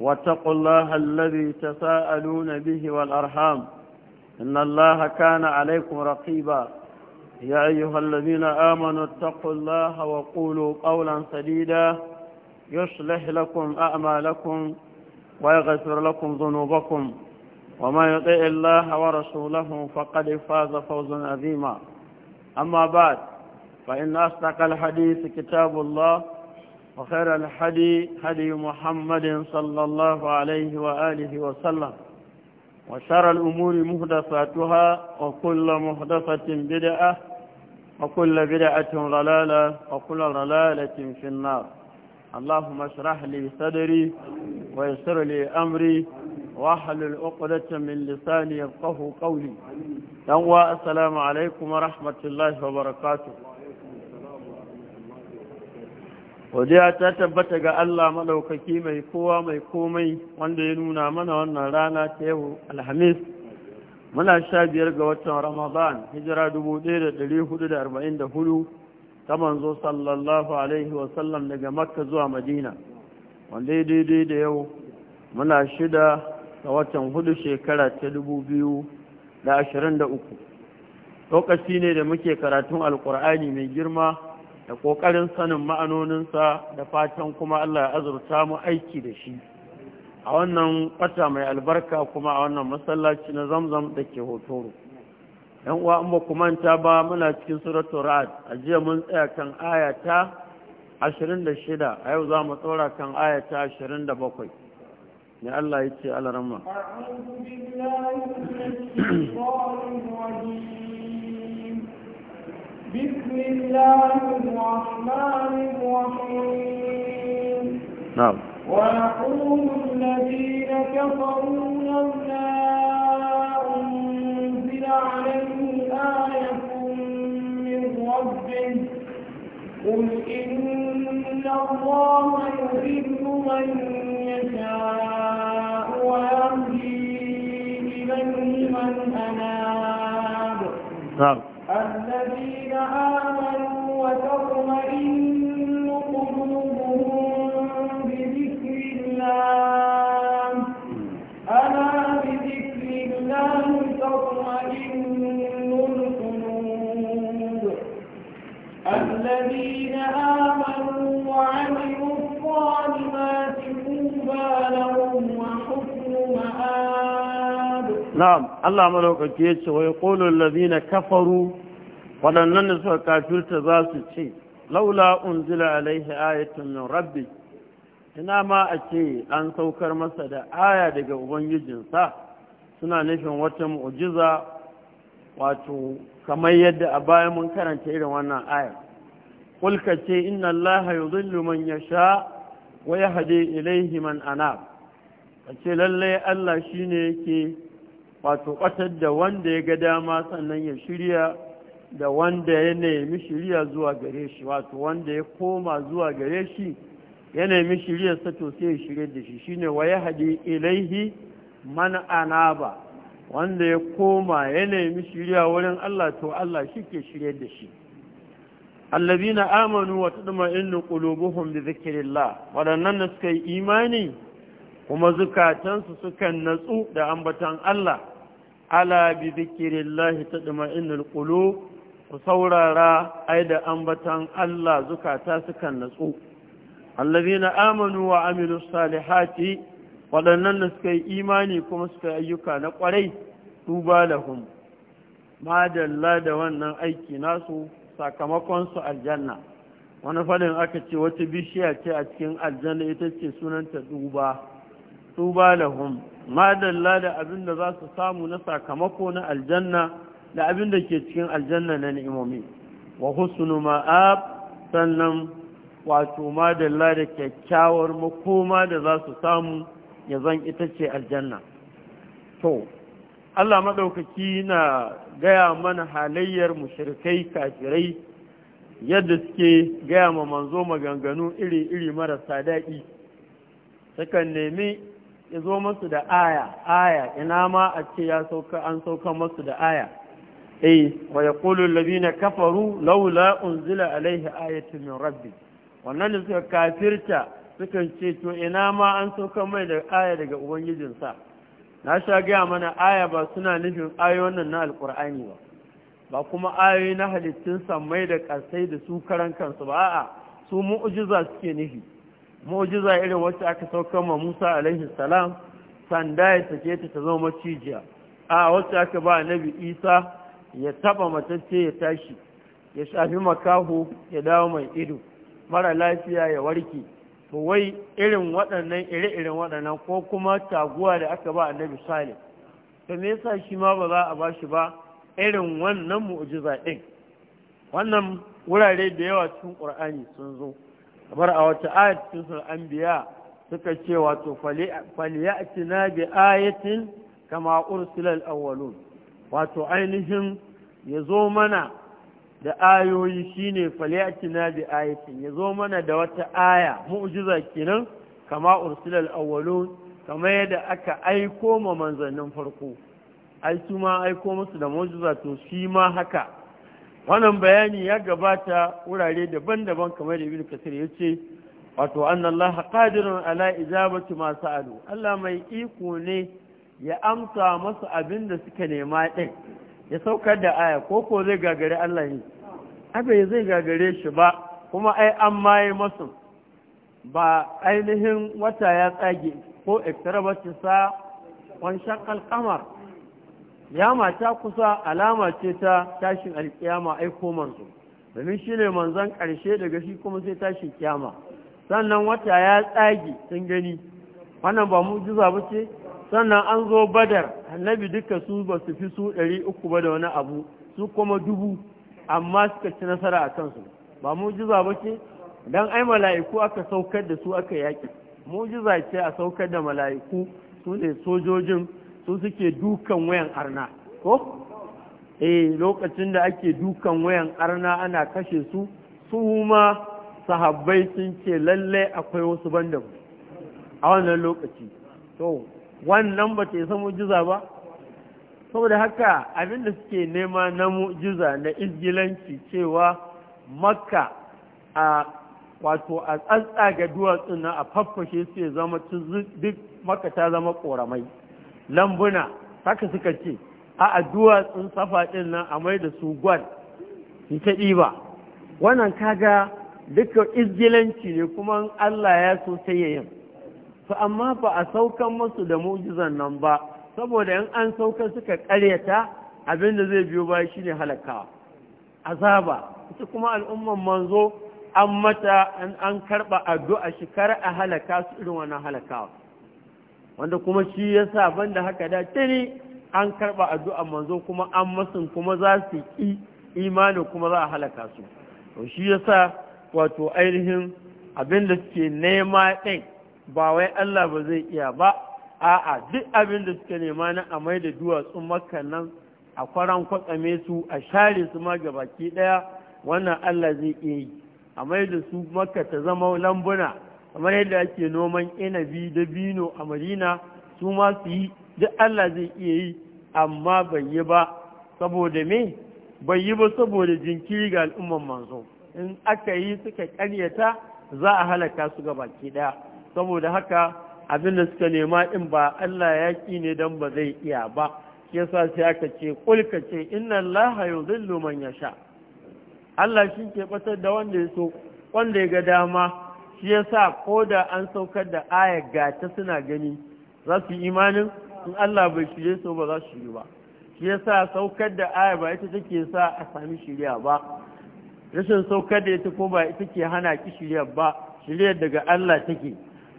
واتقوا الله الذي تساءلون به والأرحام إن الله كان عليكم رقيبا يا أيها الذين آمنوا اتقوا الله وقولوا قولا سديدا يصلح لكم أعمالكم ويغفر لكم ذنوبكم وما يطيع الله ورسوله فقد فاز فوزا عظيما أما بعد فإن أصدق الحديث كتاب الله وخير الحدي هدي محمد صلى الله عليه وآله وسلم وشر الأمور مهدفاتها وكل مهدفة بدعة وكل بدعة ضلالة وكل ضلالة في النار اللهم اشرح لي صدري ويسر لي أمري واحل الأقدة من لساني يبقه قولي يوم السلام عليكم ورحمة الله وبركاته wadda ta tabbata ga Allah maɗaukaki mai kowa mai komai wanda ya nuna mana wannan rana ta yau alhamis muna sha biyar ga watan ramadan hijira 1444 ta manzo sallallahu alaihi wasallam daga makka zuwa madina wanda ya daidai da yau muna shida ga watan hudu shekara ta 2023 lokaci ne da muke karatun alkur'ani mai girma da ƙoƙarin sanin ma'anoninsa da fatan kuma Allah ya azurta mu aiki da shi a wannan kwata mai albarka kuma a wannan masallaci na zamzam da ke hotoro yan uwa an ba ku manta ba muna cikin suratul ra'd a jiya mun tsaya kan ayata 26 a yau za mu tsora kan ayata 27 ne Allah ya ce alaramma a'udhu billahi minash shaitanir rajim بسم الله الرحمن الرحيم نعم ويقول الذين كفروا لولا أنزل عليهم آية من ربه قل إن الله يحب من يشاء ويهدي إليه من أناب نعم الذين آمنوا وتطمئن قلوبهم بذكر الله ألا بذكر الله تطمئن القلوب الذين آمنوا لهم نعم الله ملوكك يتشوى ويقول الذين كفروا waɗannan da suka kafirta za su ce laula unzila alaihi ayatun min rabbi ina ma a ce an saukar masa da aya daga ubangijinsa suna nufin wata mu'jiza wato kamar yadda a baya mun karanta irin wannan ayar kulka ce inna allaha yudhillu man yasha wa yahdi ilayhi man anab ce lalle Allah shine yake wato kwatar da wanda ya ga dama sannan ya shirya da wanda ya nemi shirya zuwa gare shi wato wanda ya koma zuwa gare shi ya nemi shiriyarsa to sai ya shirya da shi shine wa ya ilaihi man anaba wanda ya koma ya nemi shirya wurin Allah to Allah shi ke shirya da shi allazina amanu wa tatma'innu qulubuhum bi dhikrillah wadannan da suka yi imani kuma zukatansu sukan natsu da ambatan Allah ala bi dhikrillah tatma'innul qulub ku saurara ai da ambatan Allah zukata sukan natsu allazina amanu wa amilus salihati waɗannan da suka yi imani kuma suka yi ayyuka na kwarai da lahum madalla da wannan aiki nasu sakamakon su aljanna wani fadin aka ce wata bishiya ce a cikin aljanna ita ce sunanta duba da lahum madalla da abin da za su samu na sakamako na aljanna da abin da ke cikin aljanna na ni'imomi wa husnu ma'ab sannan wato ma da kyakkyawar makoma da za su samu ya zan ita ce aljanna to Allah maɗaukaki na gaya mana halayyar mushrikai kafirai yadda suke gaya ma manzo maganganu iri-iri marasa daɗi sukan nemi ya zo masu da aya aya ina ma a ce ya sauka an sauka masu da aya eh wa yaqulu alladhina kafaru laula unzila alaihi ayatu min rabbi wannan da suka kafirta sukan ce to ina ma an sauka mai da aya daga ubangijinsa na sha gaya mana aya ba suna nufin ayoyin nan na alkur'ani ba ba kuma ayoyi na halittun sammai da ƙasai da su karan kansu ba a'a su mu'jiza suke nufi mu'jiza irin wacce aka saukar ma Musa alaihi salam sanda ya sake ta ta zama macijiya a wacce aka ba Nabi Isa ya taba matacce ya tashi ya shafi makaho ya dawo mai ido mara lafiya ya warke to wai irin waɗannan ire-iren waɗannan ko kuma taguwa da aka ba annabi salih to me yasa shi ma ba za a ba shi ba irin wannan mu'jiza ɗin wannan wurare da yawa cikin ƙur'ani sun zo kamar a wata ayat cikin sura anbiya suka ce wato faliya'tina bi ayatin kama ursilal awwalun wato ainihin ya zo mana da ayoyi shine falyatina bi ayatin ya zo mana da wata aya mu'jiza kenan kama ursilal awwalun kama yadda aka aiko ma manzannin farko ai su ma aiko musu da mu'jiza to shi ma haka wannan bayani ya gabata wurare daban-daban kamar da ibnu kasir yace wato anna qadirun ala ijabati ma sa'alu Allah mai iko ne ya amsa masu abin da suka nema ɗin ya saukar da aya ko ko zai gagare Allah ne abin zai gagare shi ba kuma ai an maye masu ba ainihin wata ya tsage ko iktarabata sa wanshan alkamar ya mata kusa alama ce ta tashin alkiyama aiko manzo domin shi ne manzon ƙarshe daga shi kuma sai tashin kiyama sannan wata ya tsage sun gani wannan ba mu ba ce sannan an zo badar annabi duka su ba su fi su ɗari uku ba da wani abu su kuma dubu amma suka ci nasara a kansu ba mujiza ba ce don ai mala'iku aka saukar da su aka yaƙi mujiza ce a saukar da mala'iku su ne sojojin su suke dukan wayan arna ko eh lokacin da ake dukan wayan arna ana kashe su su ma sahabbai sun ce lalle akwai wasu banda a wannan lokaci to wannan ba ta isa mu'jiza ba saboda haka abinda suke nema na mu'jiza na isgilanci cewa makka a wato a tsatsaga duwatsun na a faffashe su ya zama duk makka ta zama koramai lambuna haka suka ce a a duwatsun safa din nan a mai da su gwal su ta ɗiba wannan kaga duka isgilanci ne kuma Allah ya so sai ya yin Fa amma ba a saukan masu da mujizan nan ba saboda in an sauka suka karyata abinda zai biyo baya shine halakawa azaba ita kuma al'umman manzo an mata an karba addu'a shi kar a halaka su irin wannan halakawa wanda kuma shi yasa banda haka da tuni an karba addu'a manzo kuma an masun kuma za su ki imani kuma za a halaka su to shi yasa wato ainihin abinda da suke nema ɗin ba wai Allah ba zai iya ba a'a duk abin da suka nema na a mai da duwatsun makannan a kwaran kwatsame su a share su ma gabaki daya wannan Allah zai iya yi a mai da su makka ta zama lambuna kamar yadda ake noman inabi da bino a madina su ma su yi duk Allah zai iya yi amma bai yi ba saboda me bai yi ba saboda jinkiri ga al'umman manzo in aka yi suka karyata za a halaka su gabaki daya saboda haka abin da suka nema in ba Allah ya ki ne dan ba zai iya ba yasa sai aka ce kulka ce inna Allah yuzillu man yasha Allah shi ke batar da wanda ya so wanda ya ga dama shi yasa ko da an saukar da ayar gata suna gani za su imanin in Allah bai shirye su ba za su shirye ba shi yasa saukar da aya ba ita take sa a sami shirya ba rashin saukar da ita ko ba ita ke hana ki shirya ba shiryar daga Allah take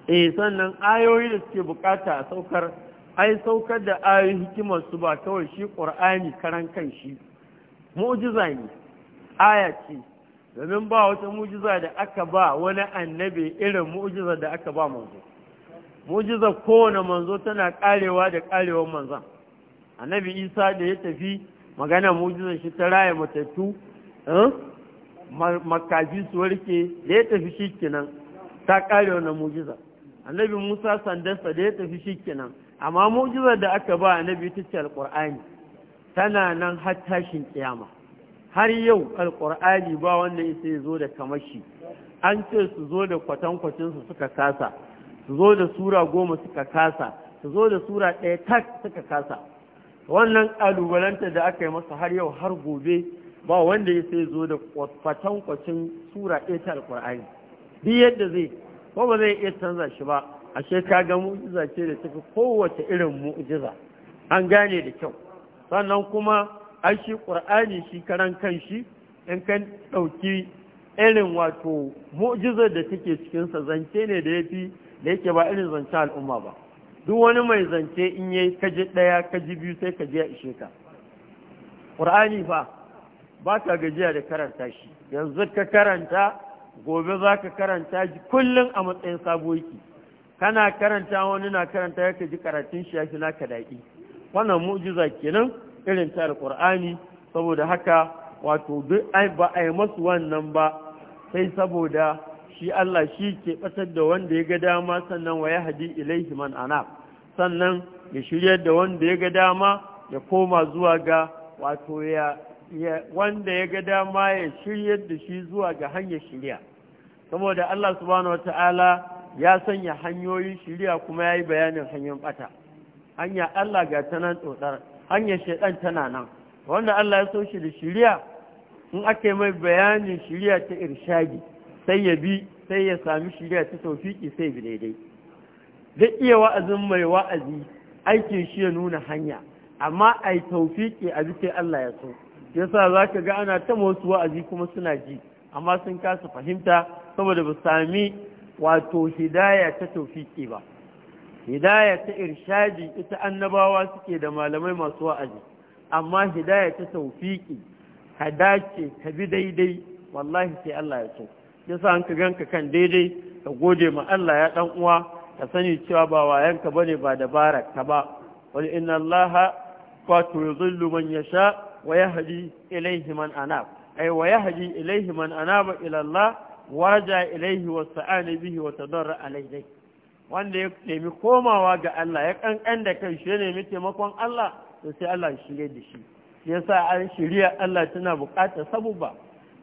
eh sannan ayoyi da suke bukata a saukar ai saukar da ayoyin hikimar su ba kawai shi ƙur'ani karan kan shi mu'jiza ne aya ce domin ba wata mu'jiza da aka ba wani annabi irin mu'jizar da aka ba manzo mu'jizar kowane manzo tana karewa da karewar manzo, annabi isa da ya tafi magana mu'jizar shi ta raya matattu eh, makaji su warke da ya tafi shi kenan ta karewa na mu'jiza annabi musa sandansa da ya tafi shi kenan amma mu'jizar da aka ba annabi ta ce alƙur'ani tana nan har tashin kiyama har yau alƙur'ani ba wanda isa ya zo da kamashi an ce su zo da kwatankwacinsu suka kasa su zo da sura goma suka kasa su zo da sura ɗaya tak suka kasa wannan ƙalubalanta da aka yi masa har yau har gobe ba wanda ya sai zo da kwatankwacin sura ɗaya ta alƙur'ani duk yadda zai ko ba zai iya canza shi ba ashe ka ga mu'jiza ce da tafi kowace irin mu'jiza an gane da kyau sannan kuma ai shi qur'ani shi karan kanshi in kan dauki irin wato mu'jizar da take cikin sa zance ne da yafi da yake ba irin zance al'umma ba duk wani mai zance in yayi kaji ɗaya, kaji biyu sai kaji ya ishe ka qur'ani fa ba ka gajiya da karanta shi yanzu ka karanta gobe za ka karanta kullum a matsayin sabuwarki kana karanta wani na karanta ya ka ji karatun shi ya fi naka daɗi wannan mu'jiza kenan irin ta alƙur'ani saboda haka wato duk ba a yi masu wannan ba sai saboda shi Allah shi ke ɓatar da wanda ya ga dama sannan wa ya hadi ilaihi man ana sannan ya shirya da wanda ya ga dama ya koma zuwa ga wato ya wanda ya ga dama ya shirya da shi zuwa ga hanyar shirya saboda Allah subhanahu wata'ala ya sanya hanyoyin shirya kuma ya yi bayanin hanyar bata hanya Allah ga ta nan tsotsar hanyar shaidan tana nan wanda Allah ya so shi da shirya in aka yi mai bayanin shirya ta irshadi sai ya bi sai ya sami shirya ta taufiki sai bi daidai duk iya wa'azin mai wa'azi aikin shi ya nuna hanya amma ai taufiki a bi Allah ya so yasa za ka ga ana ta wasu wa'azi kuma suna ji amma sun kasa fahimta saboda ba sami wato hidaya ta taufiƙi ba hidaya ta irshadi ita annabawa suke da malamai masu wa'azi amma hidaya ta taufiki ka dace ka bi daidai wallahi sai Allah ya so yasa an ka ganka kan daidai ka gode ma Allah ya dan uwa ka sani cewa ba wayanka bane ba dabarar ka ba wal inna Allah fa yuzillu man yasha wa yahdi ilayhi man anab ay wa yahdi ilayhi man anaba ila Allah warja ilayhi wa sa'ana bihi wanda ya nemi komawa ga Allah ya kankan da kai shi ne nemi taimakon Allah to sai Allah ya shirye da shi yasa an shirya Allah tana bukatar sabuba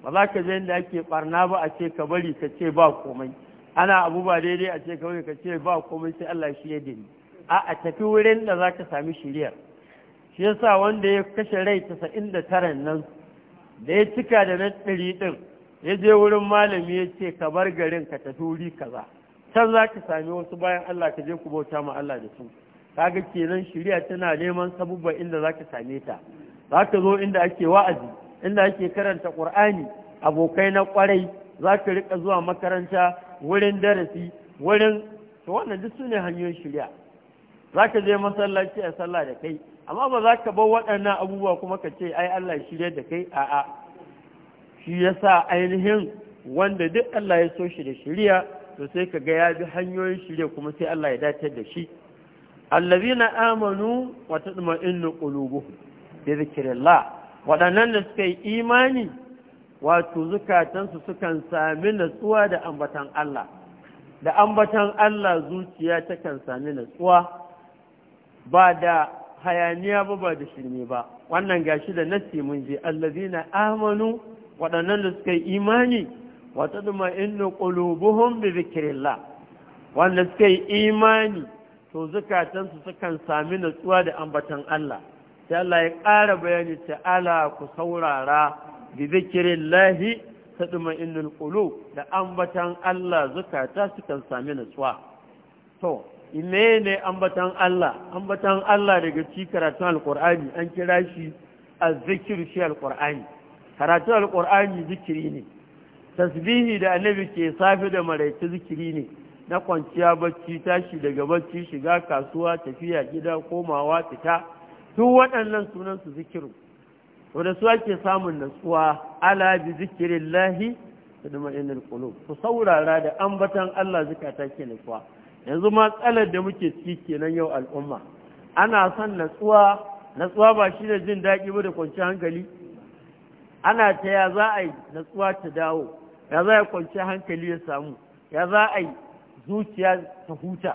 ba za ka je inda ake barna ba a ce ka bari ka ce ba komai ana abu ba daidai a ce ka bari ka ce ba komai sai Allah ya shirye da ni a a tafi wurin da za ka sami shiriyar shi yasa wanda ya kashe rai tasa'in da taran nan da ya cika da na ɗari ɗin ya je wurin malami ya ce ka bar garin ka tafi wuri kaza can za ka sami wasu bayan Allah ka je ku bauta ma Allah da su kaga kenan shari'a tana neman sabubba inda za ka same ta za ka zo inda ake wa'azi inda ake karanta Kur'ani abokai na kwarai za ka riƙa zuwa makaranta wurin darasi wurin to wannan duk su ne hanyoyin shari'a za ka je masallaci a sallah da kai amma ba za ka bar waɗannan abubuwa kuma ka ce ai Allah shi da kai a'a shi yasa ainihin wanda duk Allah ya so shi da shiriya to sai ka ga ya bi hanyoyin shiriya kuma sai Allah ya datar da shi allazina amanu wa tatma'innu qulubuhum bi dhikrillah waɗannan da suka yi imani wato zukatansu sukan sami natsuwa da ambatan Allah da ambatan Allah zuciya takan sami natsuwa ba da hayaniya ba ba da shirme ba wannan gashi da nasi mun je allazina amanu waɗannan da suka yi imani wa tadma innu qulubuhum bi zikrillah wanda suka yi imani to zukatansu sukan sami natsuwa da ambatan Allah sai Allah ya ƙara bayani ala ku saurara bi ta tadma innul qulub da ambatan Allah zukata sukan sami natsuwa to inene ne ambatan Allah ambatan Allah daga ci karatun alkur'ani an kira shi a zikiru shi Alƙur'ani? karatun alqur'ani zikiri ne tasbihi da annabi ke safi da maraice zikiri ne na kwanciya bacci tashi daga bacci shiga kasuwa tafiya gida komawa fita duk waɗannan sunan su zikiru to da su ake samun natsuwa ala bi zikirillahi da qulub ku saurara da ambatan Allah zakata ke natsuwa yanzu matsalar da muke ciki kenan yau al'umma ana son natsuwa natsuwa ba shi ne jin daɗi ba da kwanci hankali ana ta ya za a yi natsuwa ta dawo ya za a kwanci hankali ya samu ya za a yi zuciya ta huta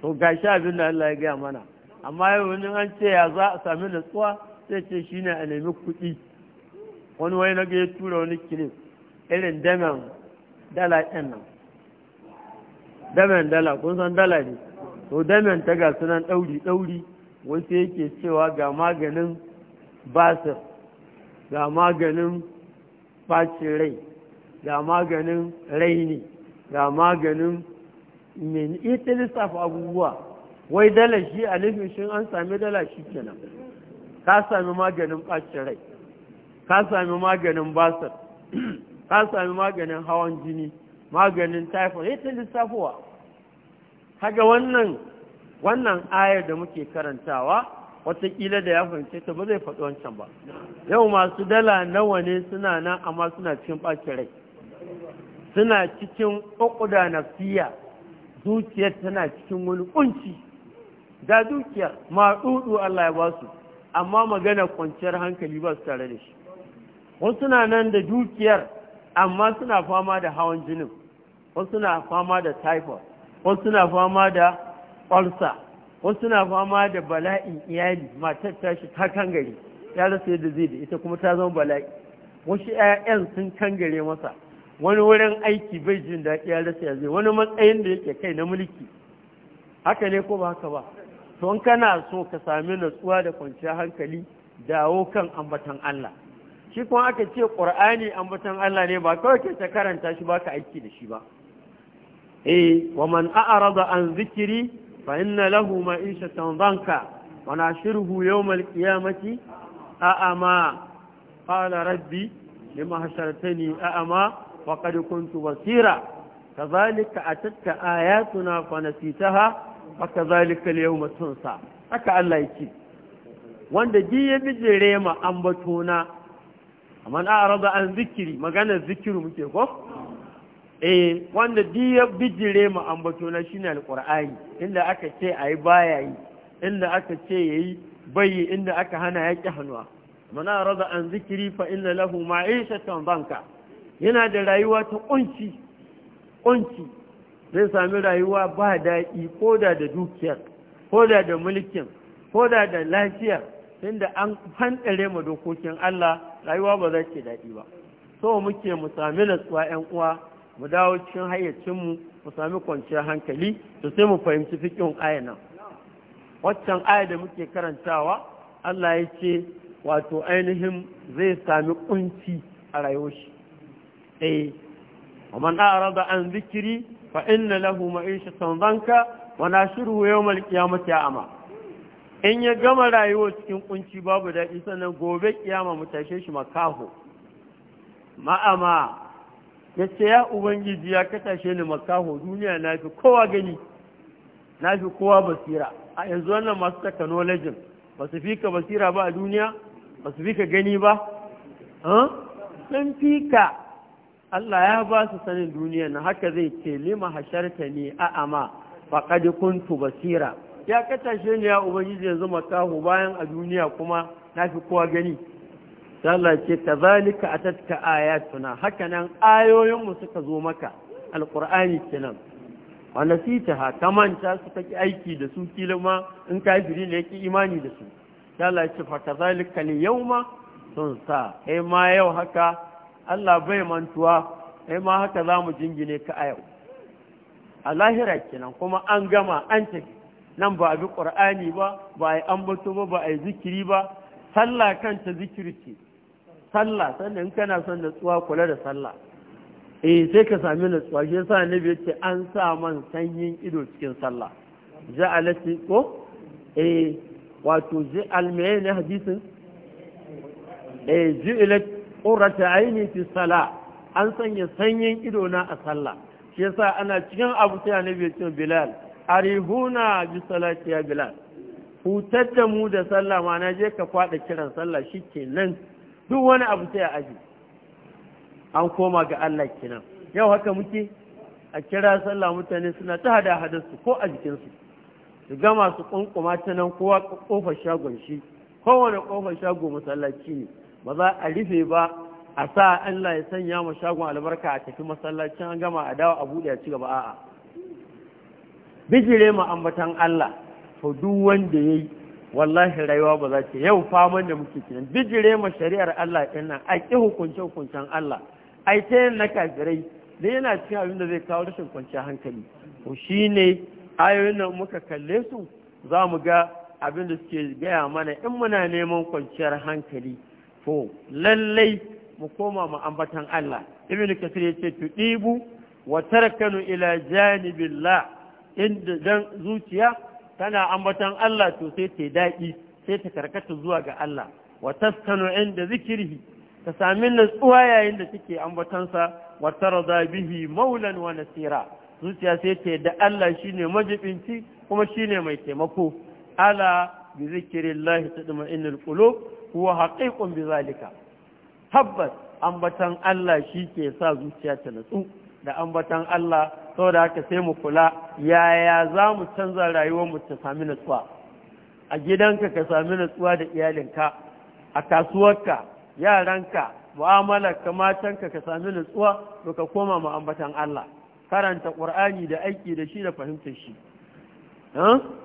to gashi abin da Allah ya gaya mana amma yau wani an ce ya za a sami natsuwa sai ce shi ne a nemi kuɗi wani wani na ga ya tura wani kirin irin damen dala ɗin nan damen dala kun san dala ne to damen ta ga sunan ɗauri ɗauri wasu yake cewa ga maganin basir ga maganin ɓacin rai ga maganin raini ga maganin min ita lissafa abubuwa wai dala shi a nufin shi an sami dala shi kenan ka sami maganin ɓacin rai ka sami maganin basir ka sami maganin hawan jini maganin typhoid ya ta lissafowa kaga wannan wannan ayar da muke karantawa watakila da ya fahimce ta ba zai faɗi wancan ba yau masu dala nawa ne suna nan amma suna cikin ɓace rai suna cikin ƙwaƙuda fiya zuciyar tana cikin wani ƙunci da dukiyar ma ɗuɗu Allah ya ba su amma magana kwanciyar hankali ba su tare da shi wasu na nan da dukiyar amma suna fama da hawan jinin wasu suna fama da typhoid wasu suna fama da ulcer wasu suna fama da bala'in iyali matar tashi ta kangare ya rasa yadda zai da ita kuma ta zama bala'i wasu 'ya'yan sun kangare masa wani wurin aiki bai jin daɗi ya rasa ya wani matsayin da yake kai na mulki haka ne ko ba haka ba to in kana so ka sami natsuwa da kwanciyar hankali dawo kan ambatan Allah shi kuma aka ce ƙur'ani batan Allah ne ba kawai ke ta karanta shi ba ka aiki da shi ba eh wa man a'rada an zikiri fa inna lahu ma'ishatan zanka wa nashirhu yawmal qiyamati a'ama qala rabbi lima a a'ama wa qad kuntu basira kadhalika atatka ayatuna fa nasitaha wa kadhalika al-yawma tunsa haka Allah yake wanda ji bijire ma ambatona a a'rada an zikiri magana zikiru muke ko eh wanda diya bijire mu ambato na shine alqur'ani inda aka ce ayi baya yi inda aka ce yayi bayi inda aka hana yaki hannuwa man a'rada an zikiri fa inna lahu ma'ishatan banka yana da rayuwa ta kunci kunci zai sami rayuwa ba daɗi koda da dukiyar koda da mulkin koda da lafiyar tunda an fanɗare ma dokokin Allah rayuwa ba za ce daɗi ba so muke mu sami natsuwa ƴan uwa mu dawo cikin hayyacin mu mu sami kwanciyar hankali to sai mu fahimci fikin aya nan waccan aya da muke karantawa Allah ya ce wato ainihin zai sami kunci a rayuwar shi eh an أعرض fa inna lahu ma'isha معيشة wa وناشره yawmal qiyamati ama. in ya gama rayuwa cikin kunci babu daɗi sannan gobe kiyama mu tashe shi makaho ma'ama ya ce ya ubangiji ya ka tashe ni makaho duniya na fi kowa gani na fi kowa basira a yanzu wannan masu technology ba su fika basira ba a duniya ba su fika gani ba sun fika Allah ya ba su sanin duniya na haka zai ce lima hasharta ne a'ama kadi kuntu basira ya katashe ne ya ubangiji yanzu makahu bayan a duniya kuma na fi kowa gani Allah ce ka zalika a tattaka ayatuna haka nan ayoyinmu suka zo maka alƙur'ani kenan wanda su ta ta manta suka ki aiki da su kilima in kafiri ne yake imani da su Allah ce fa ka zalika ne yau ma sun sa kai ma yau haka Allah bai mantuwa kai ma haka za mu jingine ka a yau a lahira kenan kuma an gama an tafi nan ba a bi ƙur'ani ba ba a yi ambato ba ba a yi zikiri ba sallah kanta zikiri ce sallah sannan kana son natsuwa kula da sallah eh sai ka sami natsuwa shi yasa annabi yace an sa man sanyin ido cikin sallah ja'alati ko eh wato ji'al me ne hadisin eh qurrata fi salah an sanya sanyin ido na a sallah shi yasa ana cikin abu sai annabi yace bilal arihuna bi salati ya bilal hutar da mu da sallah ma na je ka kwada kiran sallah shikenan duk wani abu sai a aji an koma ga Allah kenan yau haka muke a kira sallah mutane suna ta hada hadarsu ko a jikinsu su gama su kunkuma ta nan kowa kofar shagon shi kowane kofar shago masallaci ne ba za a rufe ba a sa Allah ya sanya ma shagon albarka a tafi masallacin an gama a dawo a buɗe a ci gaba a'a bijire mu ambatan Allah to duk wanda yayi wallahi rayuwa ba za ta yau faman da muke kiran bijire mu shari'ar Allah din nan a ki hukunce hukuncen Allah ai ta yin na kafirai da yana cikin abin da zai kawo rashin kwanciyar hankali to shine ayoyin nan muka kalle su za mu ga abin da suke gaya mana in muna neman kwanciyar hankali to lallai mu koma mu ambatan Allah ibn kasir yace tudibu wa tarakanu ila janibillah inda dan zuciya tana ambatan Allah to sai ta daɗi sai ta karkata zuwa ga Allah wa taskanu inda zikirhi ta sami nutsuwa yayin da take ambatansa wa tarza bihi maulan wa nasira zuciya sai ta da Allah shine majibinci kuma shine mai taimako ala bi zikrillahi tadma'innul qulub huwa haqiqun bi zalika tabbas ambatan Allah shi ke sa zuciya ta natsu da ambatan Allah da haka sai mu kula yaya za mu canza rayuwarmu ta sami nutsuwa a gidanka ka sami nutsuwa da iyalinka a kasuwarka yaranka mu'amalarka matanka ka sami nutsuwa to ka koma mu ambatan Allah karanta Qur'ani da aiki da shi da fahimtar shi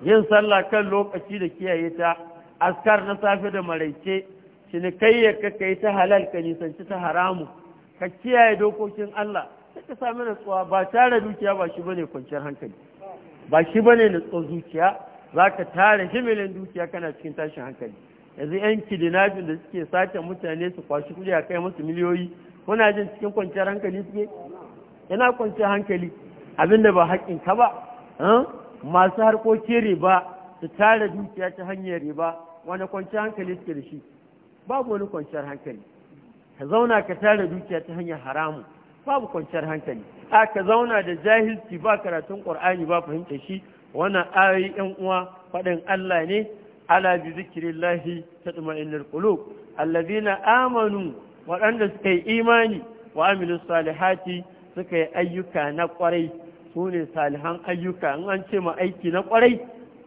yin sallah kan lokaci da kiyaye ta askar na safe da maraice cinikayyar ka kai ta halal ka nisanci ta haramu ka kiyaye dokokin Allah ka sami natsuwa ba tara dukiya ba shi bane kwanciyar hankali ba shi bane natsuwar zuciya za ka tara himilin dukiya kana cikin tashin hankali yanzu yan kidinajin da suke sace mutane su kwashi kuɗi a kai musu miliyoyi kuna jin cikin kwanciyar hankali suke yana kwanciyar hankali abinda ba haƙƙin ka ba eh? masu harkokin riba su tara dukiya ta hanyar riba wani kwanciyar hankali suke da shi babu wani kwanciyar hankali ka zauna ka tara dukiya ta hanyar haramu babu kwanciyar hankali a ka zauna da jahilci ba karatun ƙur'ani ba fahimta shi wannan ayoyi yan uwa faɗin Allah ne ala bi zikirin zikrillahi tatma'innul kulu allazina amanu waɗanda suka yi imani wa salihaci salihati suka yi ayyuka na ƙwarai su ne salihan ayyuka in an ce ma aiki na ƙwarai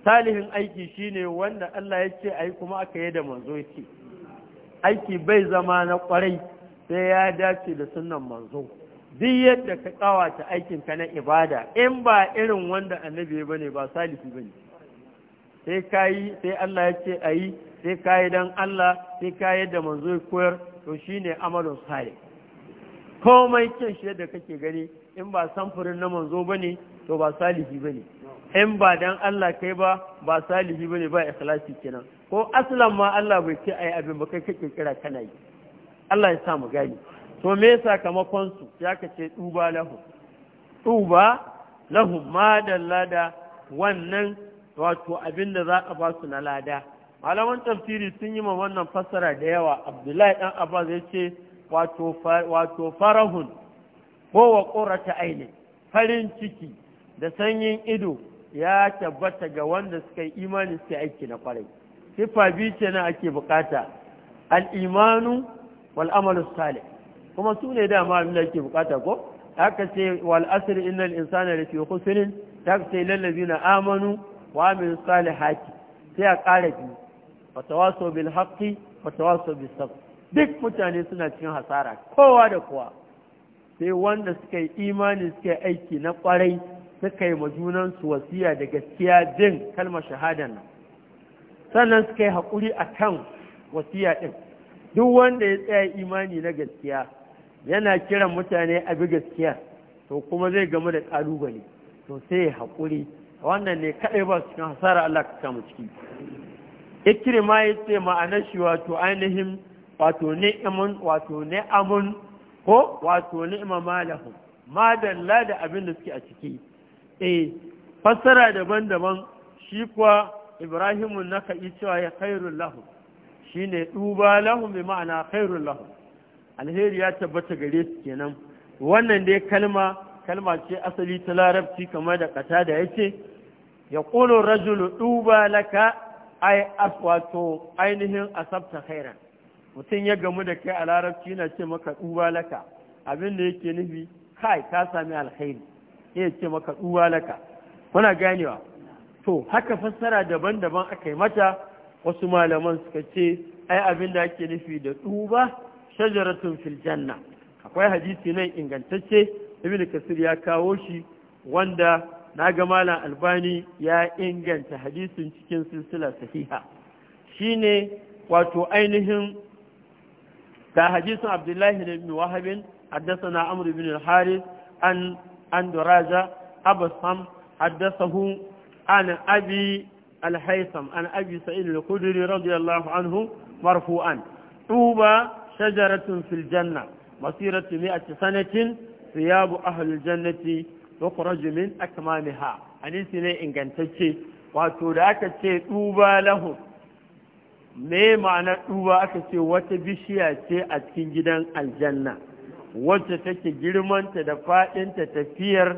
salihin aiki shine wanda Allah ya ce a yi kuma aka yi da manzo ce aiki bai zama na ƙwarai sai ya dace da sunan manzo duk yadda ka kawata aikinka na ibada in ba irin wanda annabi ba ne ba salifi ba ne sai ka yi sai Allah ya ce a yi sai ka yi don Allah sai ka yi da manzo ya koyar to shi ne amalin sale komai kyan shi yadda kake gani in ba samfurin na manzo ba ne to ba salifi ba ne in ba don Allah kai ba ba salifi ba ne ba ikhlasi kenan ko aslan ma Allah bai ce a yi abin ba kai kake kira kana yi Allah ya sa mu gani to me sakamakon su ya kace duba lahu duba lahu ma da wannan wato abinda za a ba su na lada malaman tafsiri sun yi ma wannan fassara da yawa abdullahi dan abbas ya ce wato wato farahun ko wa qurata aini farin ciki da sanyin ido ya tabbata ga wanda suka yi imani suka aiki na kwarai sifa biyu ce na ake bukata al-imanu wal amalu salih kuma su ne dama abin da ake bukata ko aka ce wal asr innal insana lafi khusr sai ce na amanu wa amilus salihati sai a ƙara biyu fatawaso bil haqqi fatawaso bis sabr duk mutane suna cikin hasara kowa da kowa sai wanda suka yi imani suka yi aiki na kwarai suka yi majunan su wasiya da gaskiya din kalmar shahada nan sannan suka yi haƙuri akan wasiya din duk wanda ya tsaya imani na gaskiya yana kiran mutane a bi gaskiya to kuma zai gamu da ƙalubale to sai haƙuri wannan ne kaɗai ba cikin hasara Allah ka samu ciki ma ya ce ma'anar shi wato ainihin wato ni'imun wato ni'amun ko wato ni'ima malahu madalla da abin da suke a ciki eh fassara daban-daban shi kuwa ibrahimun naka cewa ya khairul lahu shine duba lahu bi ma'ana khairul lahu alheri ya tabbata gare su kenan wannan dai kalma kalma ce asali ta larabci kamar da kata da yace ya qulu rajulu duba laka ai wato ainihin asabta khairan mutum ya gamu da kai a larabci yana ce maka duba laka abin da yake nufi kai ka sami alkhairi ya ce maka duba laka kuna ganewa to haka fassara daban-daban aka yi mata wasu malaman suka ce ai abin da ake nufi da duba shajaratun fil janna akwai hadisi nan ingantacce ibnu kasir ya kawo shi wanda na ga malam albani ya inganta hadisin cikin silsila sahiha shine wato ainihin ga hadisin abdullahi ibn wahabin حدثنا عمرو بن الحارث عن عن دراجة أبصم حدثه عن أبي الهيثم عن أبي سعيد الخدري رضي الله عنه مرفوعا طوبى shajaratun fil janna masiratu mi'ati sanatin thiyabu ahlil jannati tukhraju min akmamiha hadisi ne ingantacce wato da aka ce duba lahu me ma'ana duba aka ce wata bishiya ce a cikin gidan aljanna wacce take girmanta da faɗinta tafiyar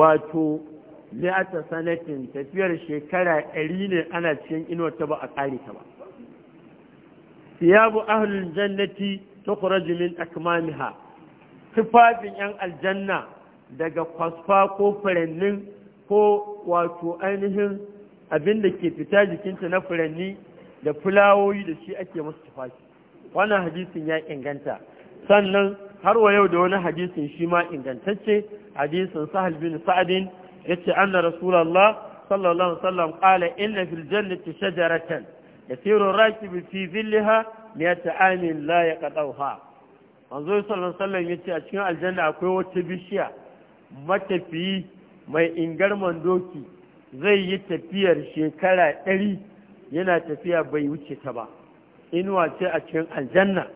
wato mi'ata sanatin tafiyar shekara ɗari ne ana cikin inuwar ta ba a ƙare ta ba siyabu ahlul jannati tukhraju min akmamiha tufafin yan aljanna daga kwasfa ko furannin ko wato ainihin abin da ke fita jikinta na furanni da fulawoyi da shi ake masu tufafi wannan hadisin ya inganta sannan har wa yau da wani hadisin shi ma ingantacce hadisin sahal bin sa'adin yace anna rasulullah sallallahu alaihi wasallam qala inna fil jannati shajaratan yasiru rakibi fi zillaha miyata amin la ya qadauha manzo sallallahu alaihi yace a cikin aljanna akwai wata bishiya matafiyi mai ingarman doki zai yi tafiyar shekara ɗari yana tafiya bai wuce ta ba inuwa ce a cikin aljanna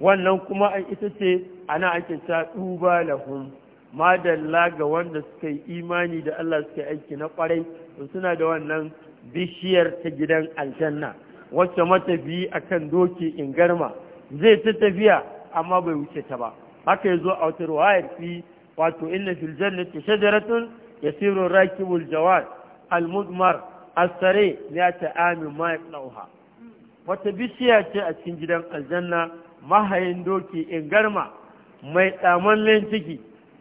wannan kuma an ita ce ana ake ta duba lahum madalla ga wanda suka yi imani da Allah suka aiki na kwarai suna da wannan bishiyar ta gidan aljanna wacce matafi kan doki in garma zai ta tafiya amma bai wuce ta ba haka ya zo a wata ruwayar fi wato inna fil jannati shajaratun yasiru rakibul jawad al mudmar asare ya ta amin ma yaqnauha wata bishiya ce a cikin gidan aljanna mahayin doki in garma mai tsamanin ciki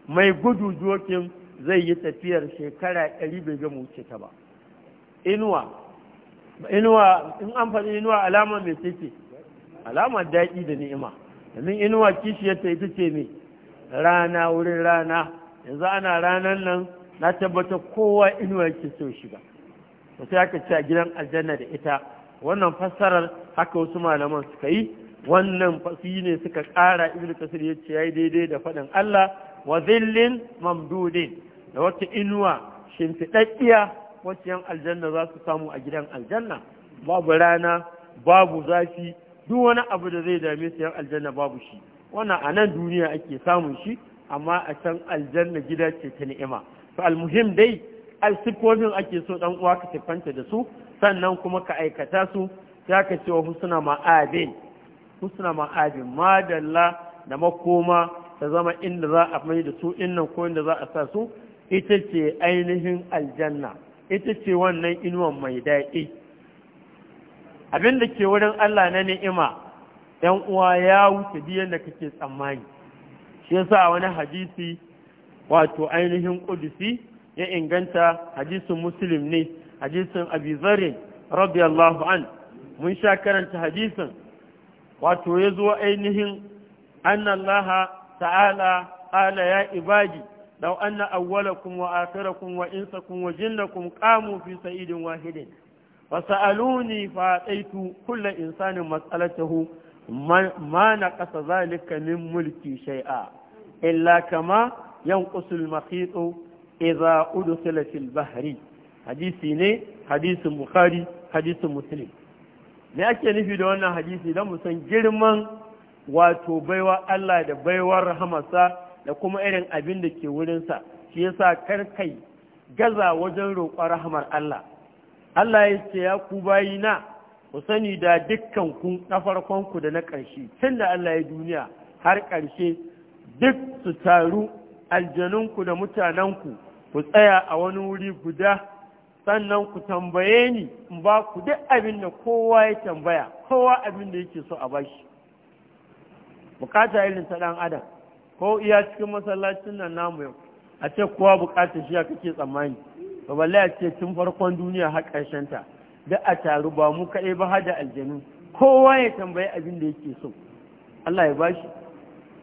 mai gudu dokin zai yi tafiyar shekara ɗari bai gama wuce ta ba inuwa inuwa in an faɗi inuwa alama mai ce alama daɗi da ni'ima domin inuwa kishiyarta ita ce mai rana wurin rana yanzu ana ranar nan na tabbata kowa inuwa yake so shiga wasu sai aka a gidan aljanna da ita wannan fassarar haka wasu malaman suka yi wannan fasi ne suka ƙara ibn kasir ya ce yayi daidai da faɗin Allah wa zillin mamdudin da wata inuwa shimfiɗaɗɗiya wasiyan aljanna za su samu a gidan aljanna babu rana babu zafi duk wani abu da zai dame su yan aljanna babu shi wannan a nan duniya ake samun shi amma a can aljanna gida ce ta ni'ima to almuhim dai alsifofin ake so dan uwa ka tafanta da su sannan kuma ka aikata su ya ka cewa husna ma'adin husna ma'adin madalla da makoma ta zama inda za a mai da su innan ko inda za a sa su ita ce ainihin aljanna ita ce wannan inuwan mai daɗi abin da ke wurin Allah na ni'ima ‘yan uwa ya wuce biyan da kake tsammani shi yasa wani hadisi wato ainihin ƙudusi ya inganta hadisin muslim ne hadisin abizarin radiyallahu an mun sha karanta hadisin wato ya zo ainihin annallaha ta'ala ala ya ibadi لو أن أولكم وآخركم وإنسكم وجنكم قاموا في سعيد واحد فسألوني فأعطيت كل إنسان مسألته ما نقص ذلك من ملكي شيئا إلا كما ينقص المخيط إذا أدخل في البحر حديثي ني حديث بخاري حديث مسلم me ake nufi da wannan hadisi don mu san girman wato baiwa Allah da baiwar rahamarsa da kuma irin abin da ke wurinsa shi yasa kai gaza wajen roƙon rahmar Allah Allah ya ce ya ku bayina ku sani da dukkan ku na farkon ku da na ƙarshe tun da Allah ya duniya har ƙarshe duk su taru aljanun ku da mutanen ku tsaya a wani wuri guda sannan ku tambaye ni in ba ku duk abin da kowa ya tambaya kowa abin da yake so a bashi bukata irin ta ɗan adam ko iya cikin masallacin nan namu yau a ce kowa bukatar shi kake tsammani ba balle a ce tun farkon duniya har ƙarshen ta da a taru ba mu kaɗai ba hada aljanu kowa ya tambayi abin da yake so Allah ya bashi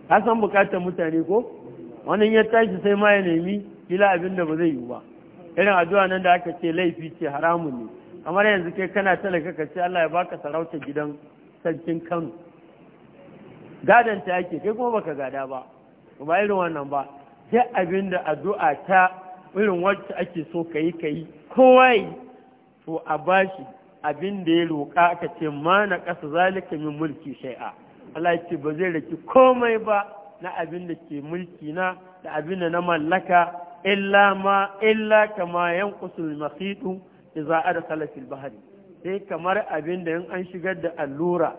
ka san bukatar mutane ko Wannan ya tashi sai ma ya nemi kila abin da ba zai yi ba irin addu'a nan da aka ce laifi ce haramun ne kamar yanzu kai kana talaka ka ce Allah ya baka sarautar gidan sarkin Kano gadon ta yake kai kuma baka gada ba ba irin wannan ba duk abin da addu'a ta irin wacce ake so ka yi ka yi to a bashi abin da ya roƙa aka ce ma na ƙasa zalika min mulki shai'a Allah ya ce ba zai raki komai ba na abin da ke mulki na da abin da na mallaka illa ma illa kama yanqusul mahidu idza adkhala fil bahari sai kamar abin da in an shigar da allura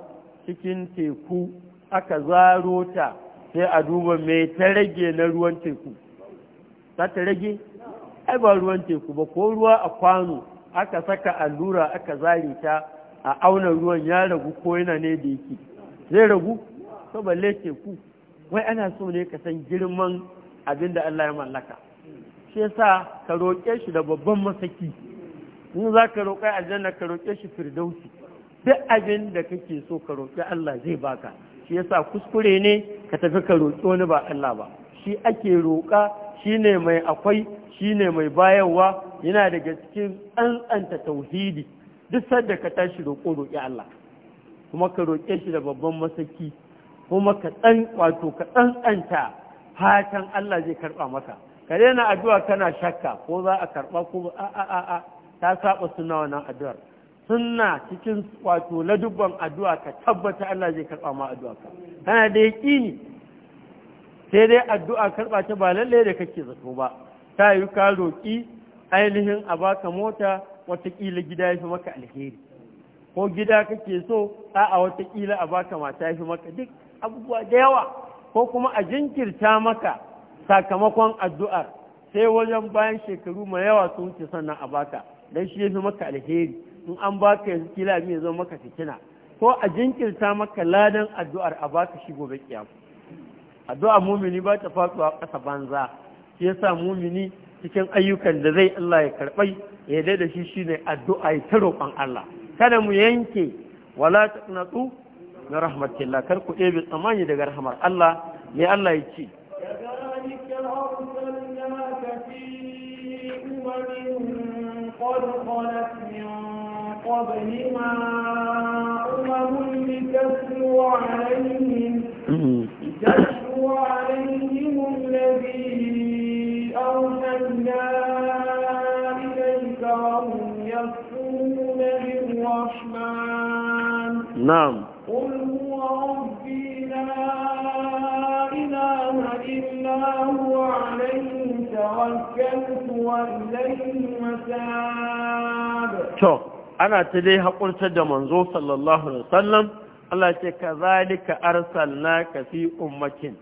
cikin teku aka zaro ta sai a duba mai ta rage na ruwan teku za ta rage ai ba ruwan teku ba ko ruwa a kwano aka saka allura aka zare ta a auna ruwan ya ragu ko yana ne da yake zai ragu to balle teku wai ana so ne ka san girman abin da Allah ya mallaka shi yasa ka roƙe shi da babban masaki in za ka roƙa aljanna ka roƙe shi firdausi duk abin da kake so ka roƙi Allah zai baka shi yasa kuskure ne ka tafi ka roƙi wani ba Allah ba shi ake roƙa shine mai akwai shine mai bayarwa yana daga cikin tsantsanta tauhidi duk sanda ka tashi roƙo roƙi Allah kuma ka roƙe shi da babban masaki kuma ka tsan wato ka tsantsanta fatan Allah zai karɓa maka ka daina addu'a kana shakka ko za a karɓa ko a a a ta saba suna wannan addu'ar sunna cikin wato ladubban addu'a ka tabbata Allah zai karɓa ma addu'a ka kana da ne sai dai addu'a karɓa ta ba lallai da kake zato ba ta yi ka roƙi ainihin a baka mota watakila gida ya fi maka alheri ko gida kake so a'a watakila a baka mata ya fi maka duk abubuwa da yawa ko kuma a jinkirta maka sakamakon addu'ar sai wajen bayan shekaru mai yawa sun wuce sannan a baka dan shi ya fi maka alheri in an baka yanzu kila mai zo maka fitina ko a jinkirta maka ladan addu'ar a baka shi gobe kiyama addu'a mumini ba ta a ƙasa banza shi yasa mumini cikin ayyukan da zai Allah ya karɓai ya da shi shine addu'a ta roƙon Allah kada mu yanke wala taqnatu na rahmatillah kar ku ɗebe tsamani daga rahmar Allah me Allah ya ce قد خلت من قبلها أمم لتتلو عليهم لتتلو عليهم الذي أرسلنا إليك وهم يكفرون بالرحمن نعم قل هو ربي لا إله إلا هو عليه توكلت وإليه متاب ana ta dai haƙurta da manzo sallallahu alaihi wasallam Allah ce ka zalika arsalna ka fi ummatin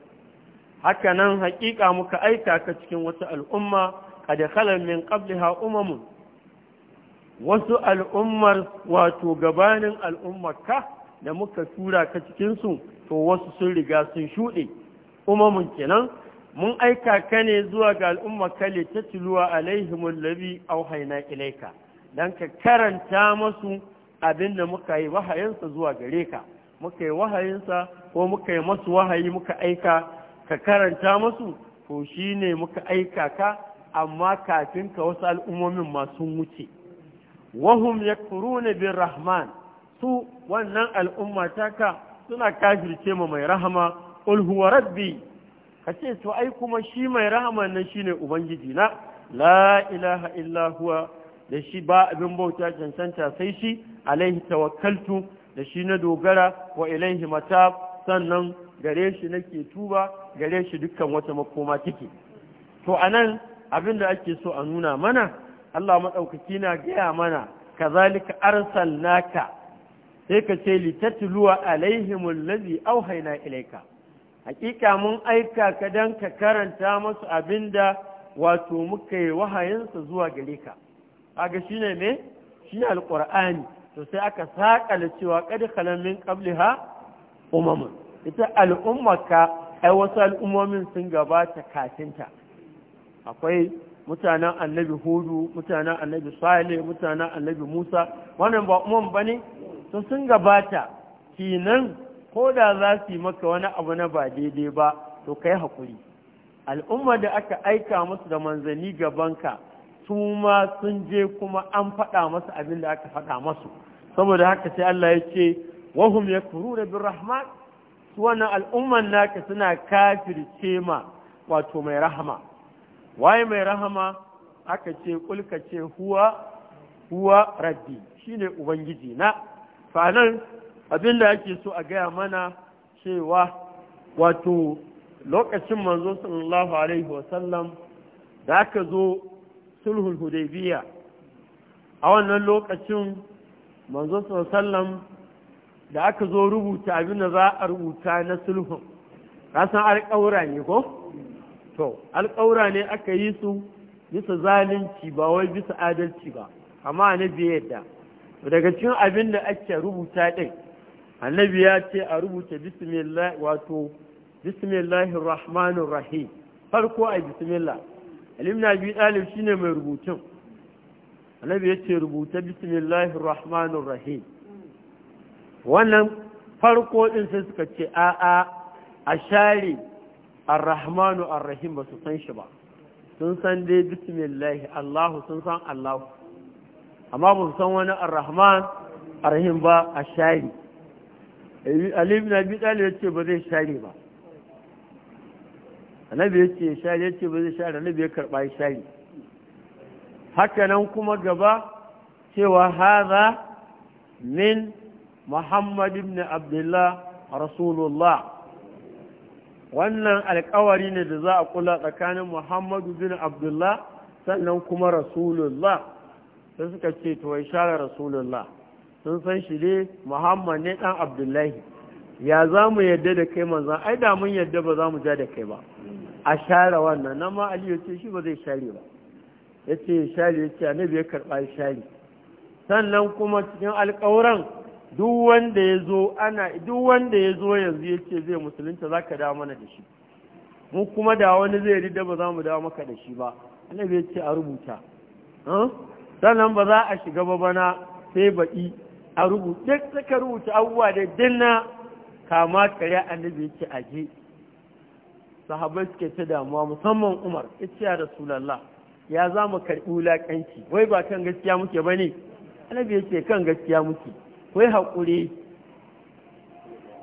haka nan haƙiƙa muka aika ka cikin wata al'umma kad khalal min qabliha umamun wasu al'ummar wato gabanin al'ummarka da muka tura ka cikinsu to wasu sun riga sun shuɗe umamun kenan mun aika ka ne zuwa ga al'ummarka litatluwa alaihimul ladhi auhayna ilayka don ka karanta masu abin da muka yi wahayinsa zuwa gare ka muka yi wahayinsa ko muka yi masu wahayi muka aika ka karanta masu to shi ne muka aika ka amma kafin ka wasu al'ummomin masu wuce wahum ya bin rahman su wannan al'umma ka suna kafirce ma mai rahama ulhuwa rabbi ka ce to ai kuma shi mai rahama nan shine ubangiji na la ilaha illa huwa da shi ba abin bauta cancanta sai shi alaihi tawakkaltu da shi na dogara wa ilaihi matab sannan gare shi nake tuba gare shi dukkan wata makoma take to anan abin da ake so a nuna mana Allah madaukaki na gaya mana kazalika arsalnaka sai ka ce litatluwa alaihimul ladzi auhayna ilaika hakika mun aika ka dan ka karanta musu abinda wato muka yi wahayinsa zuwa gare ka kaga shine me shine alqur'ani to sai aka saƙala cewa kad kalamin min qabliha umamun ita al'ummaka ai wasu al'ummomin sun gabata kafinta akwai mutanen annabi hudu mutanen annabi salih mutanen annabi musa wannan ba umman bane to sun gabata kinan ko da za su yi maka wani abu na ba daidai ba to kai hakuri al'umma da aka aika musu da manzanni gabanka su ma sun je kuma an faɗa masu abin da aka faɗa masu saboda haka sai Allah ya ce wahum ya kuru da bin rahman su wannan al'umman naka suna kafirce ma wato mai rahama waye mai rahama aka ce kulka ce huwa huwa rabbi shine ubangiji na fanan abin da ake so a gaya mana cewa wato lokacin manzo sallallahu alaihi wasallam da aka zo sulhul hudaybiya a wannan lokacin manzo sallam da aka zo rubuta abin da za a rubuta na sulhun kasan alƙawura ne ko to alƙawura ne aka yi su bisa zalunci ba wai bisa adalci ba amma na biye yadda daga cikin abin da ake rubuta ɗin annabi ya ce a rubuta bismillah wato bismillahir rahmanir rahim farko a bismillah alimna na biyu ɗalib shine mai rubutun annabi ya ce rubuta bismillahir rahmanir rahim wannan farko ɗin sai suka ce a'a a share ar-rahmanu ar-rahim ba su san shi ba sun san dai bismillahi allahu sun san allahu amma ba su san wani ar-rahman ar-rahim ba a share alim na biyu ɗalib ya ce ba zai share ba annabi ya ce shari ya ce ba zai share annabi ya karɓa ya share hakanan kuma gaba cewa haza min muhammad ibn abdullah rasulullah wannan alkawari ne da za a kula tsakanin muhammadu bin abdullah sannan kuma rasulullah sai suka ce tuwai ya share rasulullah sun san shi ne muhammad ne dan abdullahi ya za mu yadda da kai manzan ai da mun yadda ba za mu ja da kai ba a share wannan nan ma ya ce shi ba zai share ba ya ce share ya ce annabi ya karɓa share sannan kuma cikin alƙawuran duk wanda ya zo ana duk wanda ya zo yanzu ya ce zai musulunta za ka dawo mana da shi mu kuma da wani zai rida ba za mu dawo maka da shi ba annabi ya ce a rubuta sannan ba za a shiga ba bana sai baƙi a rubuta duk suka rubuta abubuwa da dinna kama kare annabi yake aje sahabbai suke ta damuwa musamman umar yace ya Rasulullah ya za mu karɓi wulaƙanci wai ba kan gaskiya muke ba ne annabi yake kan gaskiya muke wai hakuri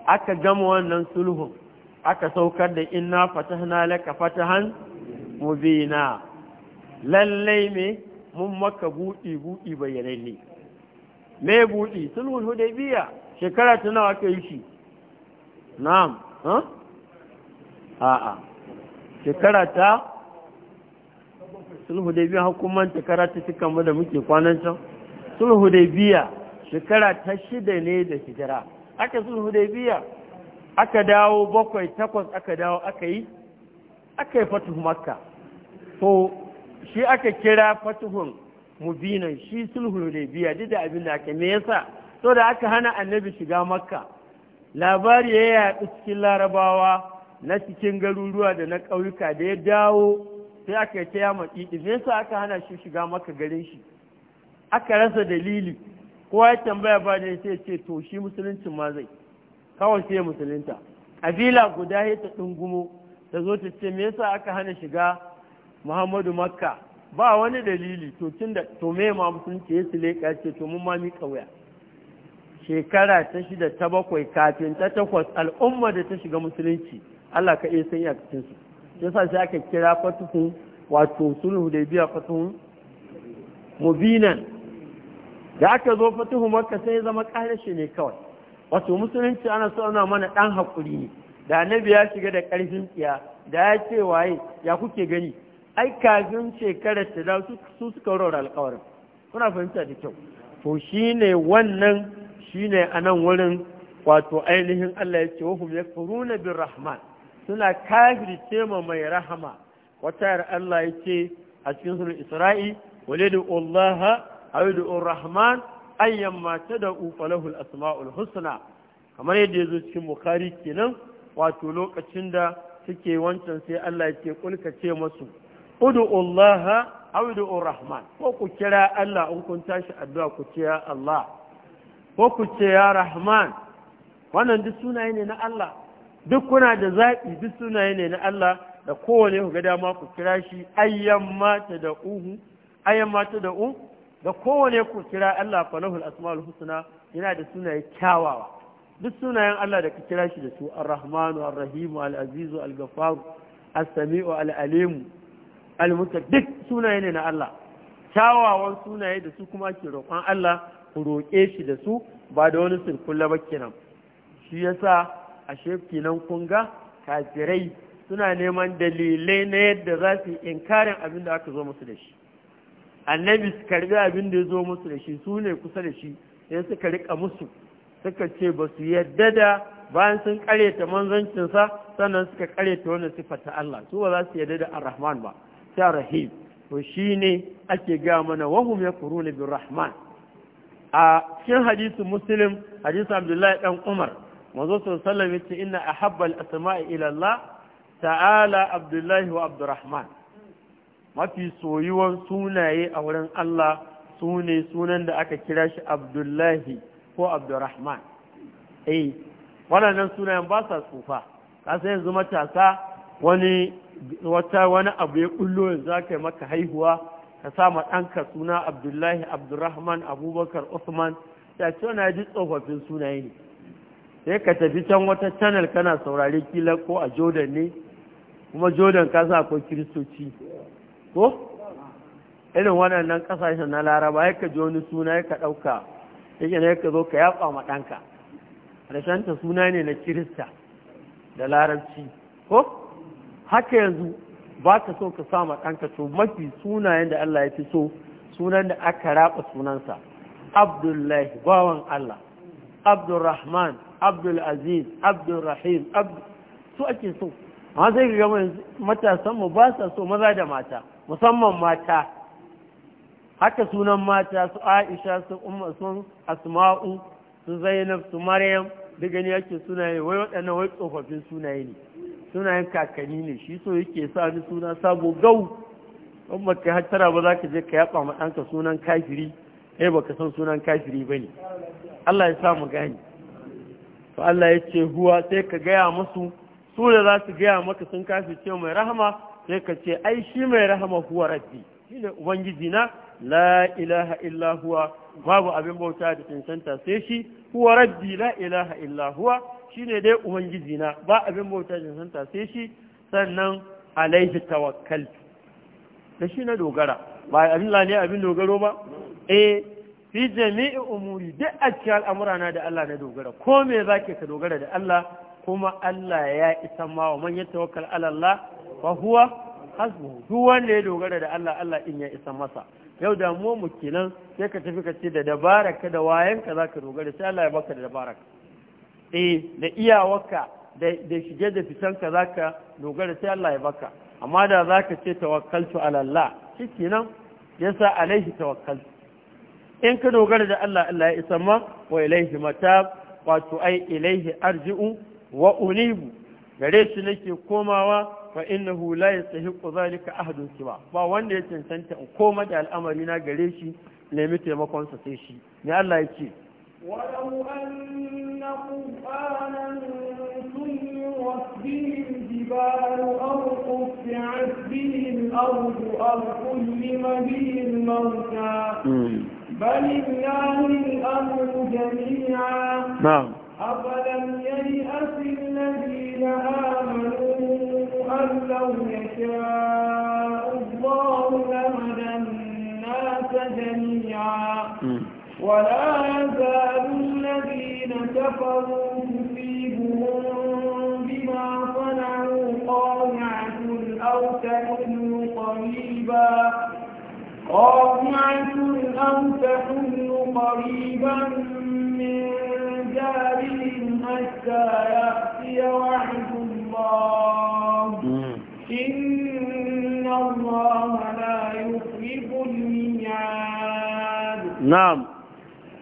aka gama wannan sulhu aka saukar da inna fatahna laka fatahan mubina lallai me mun maka budi bayanai ne? me buɗi sulhu hudaybiya shekara ta nawa aka yi shi na'am ha a'a shekara ta sulhu da biya hukuman shekara ta cikin mu da muke kwanan can sulhu da biya shekara ta shida ne da hijira aka sulhu da biya aka dawo bakwai takwas aka dawo aka yi aka yi fatuhu makka to shi aka kira fatuhun mubinan shi sulhu da biya duk da abin da aka me yasa to da aka hana annabi shiga makka labari ya yaɗu cikin larabawa na cikin garuruwa da na ƙauyuka da ya dawo sai aka yi ta yama ɗiɗi me yasa aka hana shi shiga maka garin shi aka rasa dalili kowa ya tambaya ba ne sai ce to shi musuluncin ma zai kawai sai musulunta ƙabila guda ya ta ɗungumo ta zo ta ce me yasa aka hana shiga muhammadu makka ba wani dalili to tun da to me ma musulunci ya sile ce to mun ma mi ƙauya shekara ta shida ta bakwai kafin ta takwas al'umma da ta shiga musulunci Allah ka iya sanya cikin su ya sa sai aka kira fatuhun wato sulhu da biya fatuhun mubinan da aka zo fatuhun makka sai zama ƙarashe ne kawai wato musulunci ana so ana mana ɗan haƙuri ne da annabi ya shiga da ƙarfin ɗiya, da ya ce waye ya kuke gani ai kafin shekarar ta da su suka rora alƙawarin kuna fahimta da kyau to shine wannan shine a nan wurin wato ainihin Allah ya ce wahum ya furuna bin rahman suna kafirce ma mai rahama wata yar Allah ya ce a cikin sunan isra'i wale da Allah awi da rahman yamma mata da ufalahul asma'ul husna kamar yadda ya zo cikin bukari kenan wato lokacin da suke wancan sai Allah ya ce kulka ce masu udu Allah awi da rahman ko ku kira Allah in kun tashi addu'a ku ce ya Allah ko ku ce ya rahman wannan duk sunaye ne na Allah duk kuna da zaɓi duk sunaye ne na Allah da kowane ku ga dama ku kira shi ayyan mata da uhu ayyan mata da uhu da kowane ku kira Allah falahul asmaul husna yana da sunaye kyawawa duk sunayen Allah da ka kira shi da su ar-rahmanu ar-rahimu al-azizu al-ghafaru as-sami'u al alim al duk sunaye ne na Allah kyawawan sunaye da su kuma ke roƙon Allah ku roƙe shi da su ba da wani sirkulla ba kenan shi yasa a shefi nan kun ga kafirai suna neman dalilai na yadda za su yi inkarin abin da aka zo musu da shi annabi su karbi abin da ya zo musu da shi su ne kusa da shi sai suka rika musu suka ce ba su yadda da bayan sun karyata manzancinsa sannan suka karyata wani sifar ta Allah su ba za su yadda da al rahman ba sai rahim to shi ne ake ga mana wahum yakuruna bin rahman a cikin hadisin muslim hadisin abdullahi dan umar manzo sallallahu alaihi wasallam inna ahabba al-asma'i ila Allah ta'ala abdullahi wa abdurrahman mafi soyuwan sunaye a wurin Allah sune sunan da aka kira shi abdullahi ko abdurrahman eh waɗannan sunayen ba sa tsufa kasa yanzu matasa wani wata wani abu ya kullo yanzu aka maka haihuwa ka sama ɗanka suna abdullahi abdurrahman abubakar usman ta ce na ji tsofaffin sunaye ne sai ka tafi can wata channel kana saurari kila ko a jordan ne kuma jordan ka sa ko kiristoci ko irin waɗannan ƙasashen na laraba ya ka ji wani suna ya ka ɗauka yake ne ka zo ka yaɓa ma ɗanka rashanta suna ne na kirista da larabci ko haka yanzu ba ka so ka sama ɗanka to mafi sunayen da Allah ya fi so sunan da aka raba sunansa abdullahi bawan Allah abdulrahman abdulaziz abdulrahim su ake so amma sai ga gama matasan mu ba sa so maza da mata musamman mata haka sunan mata su aisha su umma sun asma'u su zainab su maryam duk gani ake sunaye wai waɗannan wai tsofaffin sunaye ne sunayen kakanni ne shi so yake sa ni suna sabo gau in ba kai hattara ba za ka je ka yaba ma ɗanka sunan kafiri eh ba ka san sunan kafiri ba ne Allah ya sa mu gani to Allah ya ce huwa sai ka gaya musu su da za su gaya maka sun kafi ce mai rahama sai ka ce ai shi mai rahama huwa rabbi shine ubangiji na la ilaha illa huwa babu abin bauta da cancanta sai shi huwa rabbi la ilaha illa huwa shine dai ubangiji na ba abin bauta santa sai shi sannan alaihi tawakkal da shi na dogara ba abin ne abin dogaro ba eh fi jami'i umuri duk a cikin al'amura na da Allah na dogara ko me zake ka dogara da Allah kuma Allah ya isa ma wa man yatawakkal ala Allah fa huwa hasbu duk wanda ya dogara da Allah Allah in ya isa masa yau da mu kenan sai ka tafi ka ce da dabaraka da wayanka zaka dogara sai Allah ya baka da dabaraka eh da iyawarka da shige da fitanka zaka dogara sai Allah ya baka amma da zaka ce tawakkaltu ala Allah ya yasa alaihi tawakkaltu in ka dogara da Allah Allah ya isa ma wa ilaihi matab wato ai ilaihi arji'u wa unibu gare shi nake komawa fa innahu la yastahiqu zalika ahadun siwa ba wanda ya cancanta in koma da al'amari na gare shi nemi taimakon sa sai shi ne Allah ya ce an به الجبال أو قطعت به الأرض أو كلم به الموتى بل الله الأمر جميعا نعم أفلم ييأس الذين آمنوا أن لو يشاء الله لمد الناس جميعا ولا يزال الذين كفروا يكن أن تكن قريبا من جارهم حتى يأتي وعد الله إن الله لا يخلف الميعاد نعم